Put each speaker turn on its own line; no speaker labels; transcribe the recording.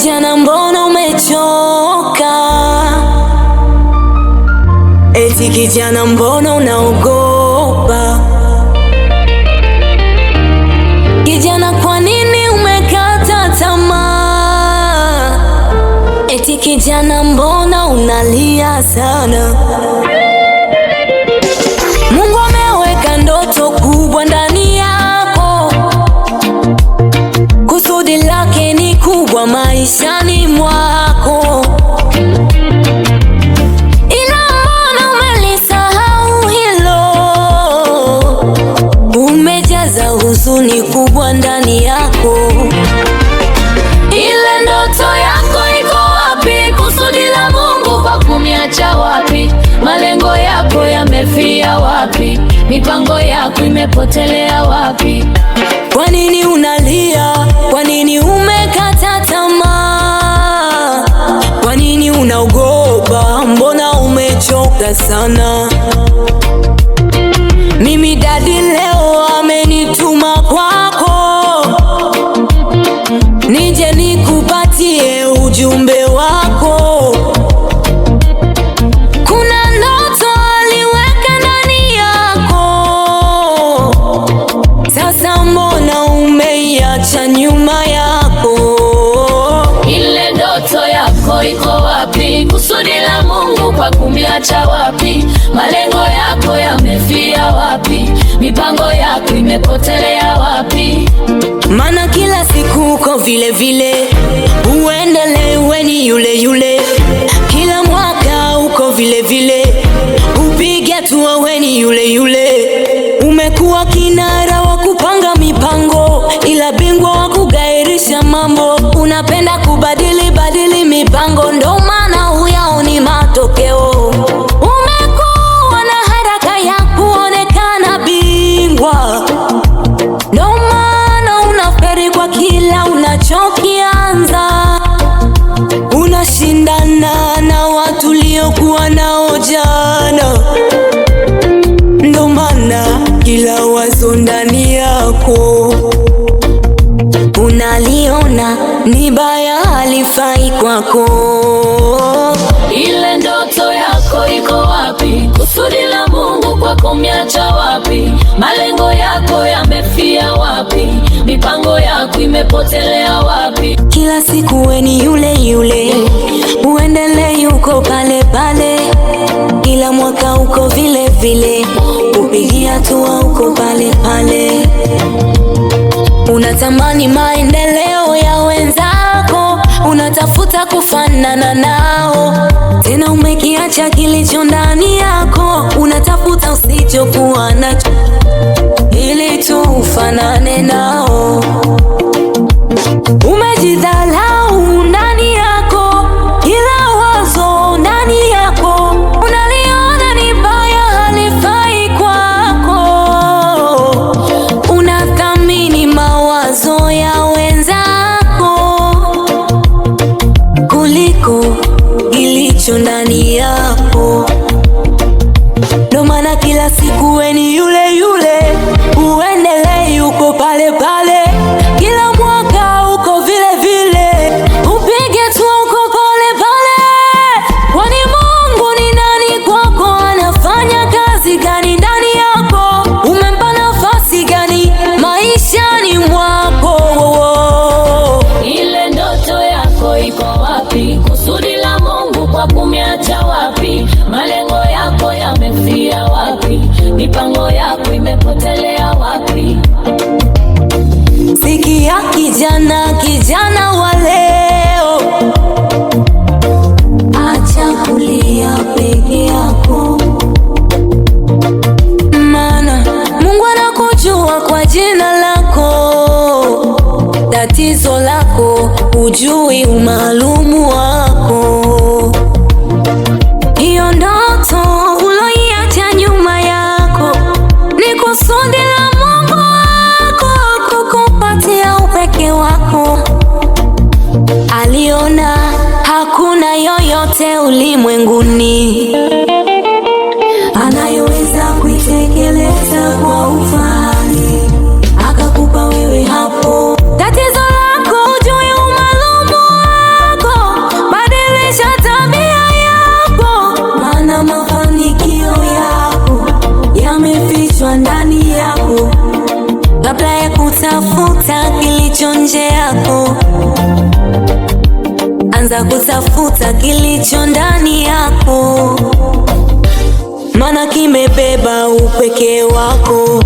Kijana, mbona umechoka? Eti kijana, mbona unaogopa? Kijana, kwa nini umekata tamaa? Eti kijana, mbona unalia sana? mipango yako imepotelea wapi?
Kwa nini unalia? Kwa nini umekata tamaa? Kwa nini unaogopa? Mbona umechoka sana?
kusudi la Mungu kwa kumiacha wapi? Malengo yako yamefia wapi? Mipango yako imepotelea wapi?
Maana kila siku uko vile vile, uendele weni yule yule, kila mwaka uko vile vile, upige hatua weni yule yule, umekuwa kinara matokeo. Umekuwa na haraka ya kuonekana bingwa, ndo maana unaferi kwa kila unachokianza. Unashindana na watu uliokuwa nao jana, ndo maana kila wazo ndani yako unaliona ni baya, halifai kwako
iko wapi? Kusudi la Mungu kwako umeacha wapi? Malengo yako yamefia wapi? Mipango yako imepotelea wapi?
Kila siku weni yule yule, uendelee yuko pale pale, kila mwaka uko vile vile, kupigia hatua uko pale pale, unatamani maendeleo ya wenzako, unatafuta kufanana nao cha kilicho ndani yako, unatafuta usichokuwa nacho ili tu ufanane nao. Umejidhalau ndani yako, kila wazo ndani yako unaliona ni baya, halifai kwako. Unathamini mawazo ya wenzako kuliko kilicho ndani yako. kila siku weni yule tatizo lako, ujui umaalumu wako. Hiyo ndoto uloiacha nyuma yako ni kusudi la Mungu wako kukupatia upeke wako. Aliona hakuna yoyote ulimwenguni anza kutafuta kilicho ndani yako, mana kimebeba upekee wako.